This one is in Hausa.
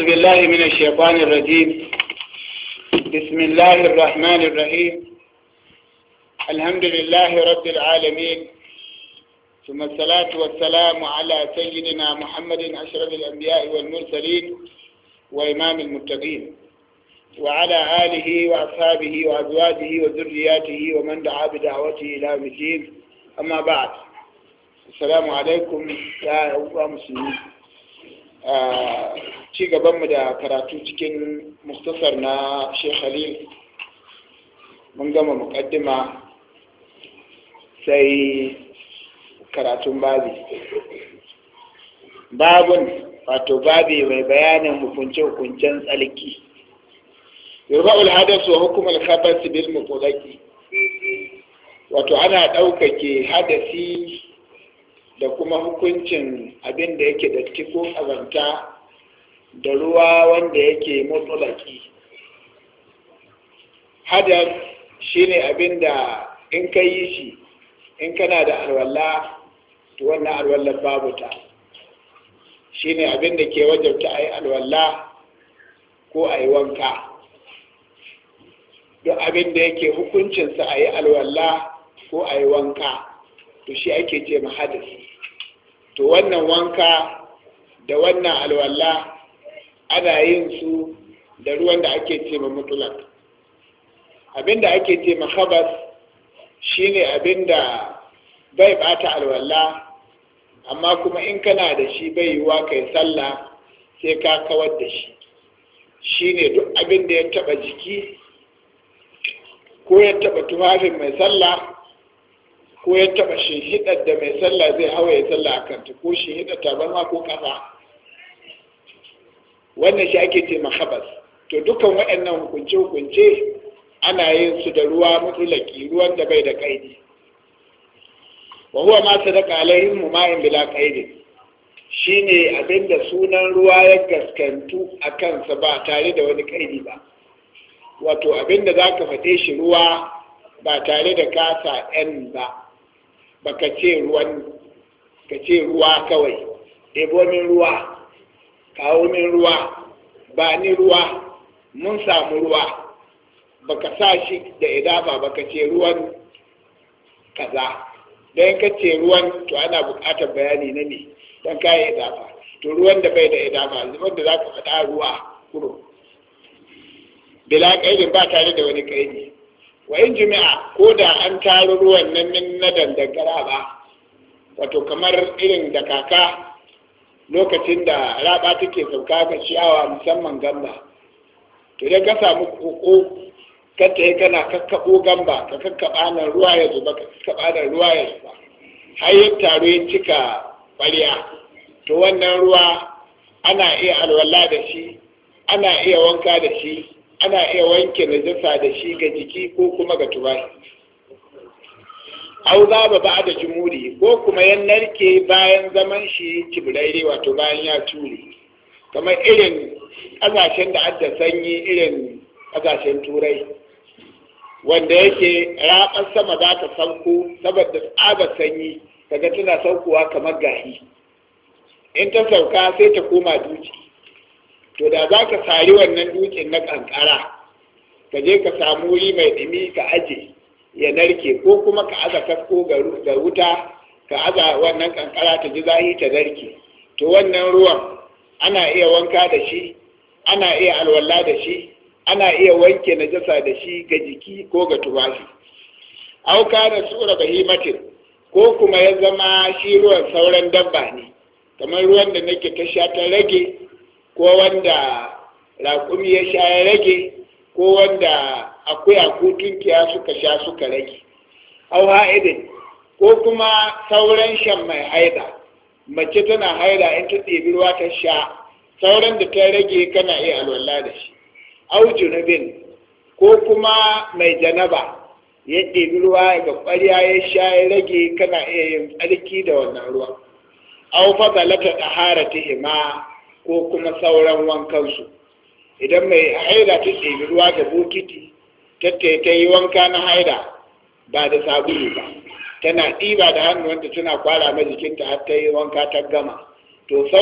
أعوذ بالله من الشيطان الرجيم بسم الله الرحمن الرحيم الحمد لله رب العالمين ثم الصلاة والسلام على سيدنا محمد أشرف الأنبياء والمرسلين وإمام المتقين وعلى آله وأصحابه وأزواجه وذرياته ومن دعا بدعوته إلى يوم الدين أما بعد السلام عليكم يا أخوة المسلمين آه، ci gabanmu da karatu cikin muktasar na Sheikh Khalil mun gama muƙaddima sai karatun babi babun wato babi mai bayanin hukunce-hukuncen tsalki yoruba ulhadasu wa hukumar khabar bil mutulaki wato ana ɗaukake hadasi da kuma hukuncin abin da yake da ko ƙazanta da ruwa wanda yake hadar hadas ne abin da in ka yi shi in kana da alwala to wannan alwallar babu ta Shi ne abin da ke wajabta a yi alwala ko a yi wanka duk abin da yake hukuncinsa a yi alwala ko a yi wanka to shi ake ce mahadis to wannan wanka da wannan alwala ana yin su da ruwan da ake ce ma mutulak abinda ake ce ma khabas shine abinda bai bata alwala amma kuma in kana da shi bai yiwuwa kai sallah sai ka kawar da shi shine duk abin da ya taba jiki ko ya taba tufafin mai sallah ko ya taba shi hidar da mai sallah zai hawa ya sallah a kanta ko shi hidar tabarma ko kasa. wannan shi ake ce mahabas to dukkan waɗannan hukunce-hukunce ana yin su da ruwa mutulaki ruwan da bai da kaidi wa huwa ma sadaka ma in bila kaidi shine abinda sunan ruwa ya gaskantu a kansa ba tare da wani kaidi ba wato abinda za ka faɗe shi ruwa ba tare da kasa yan ba ba ka ce ruwa kawai ɗebomin ruwa kawo min ruwa ba ni ruwa mun samu ruwa baka sa shi da idaba baka ce ruwan kaza da ka ce ruwan to ana buƙatar bayani na ne don kayan idafa to ruwan da bai da idafa zubar da za ka faɗa ruwa kuro bila ƙaidin ba tare da wani ƙaidi wa in jimi'a ko da an taru ruwan nan na dandagara ba wato kamar irin da kaka lokacin da raba take sauka ga ciyawa musamman gamba to dai ka samu koko ka yi kana kakkaɓo gamba ka kakkaɓa nan ruwa ya zuba ka kakkaɓa nan ruwa ya zuba har ya taro ya cika ƙwarya to wannan ruwa ana iya alwala da shi ana iya wanka da shi ana iya wanke najasa da shi ga jiki ko kuma ga tubahi au za ba ba da jumuri ko kuma 'yan narke bayan zaman shi kibirai wato bayan ya ture kamar irin ƙasashen da adda sanyi irin ƙasashen turai wanda yake raɓar sama za ta sauko saboda tsaba sanyi kaga tana saukowa kamar gahi in ta sauka sai ta koma duki to da za ka sari wannan dukin na kankara ka je ka samu wuri mai ɗumi ka aje ya narke ko kuma ka aza kasko ga wuta ka aza wannan kankara ta ji zahi ta narke to wannan ruwan ana iya wanka da shi ana iya alwala da shi ana iya wanke najasa da shi ga jiki ko ga tufafi auka da sura bahimatin ko kuma ya zama shi ruwan sauran dabba ne kamar ruwan da nake ta sha ta rage ko wanda raƙumi ya sha ya rage ko wanda akwai ko suka sha suka rage au ha'idin ko kuma sauran shan mai haida mace tana haida in ta ɗebi ruwa ta sha sauran da ta rage kana iya alwala da shi au junubin ko kuma mai janaba ya ɗebi ruwa ga ƙwarya ya sha ya rage kana iya yin tsarki da wannan ruwa au fadalata ɗahara ta hima ko kuma sauran wankansu idan mai haida ta ɗebi ruwa da bokiti ta yi wanka na haida ba da sabulu ba tana ɗiba da hannuwanta tana kwara ma jikinta har ta yi wanka ta gama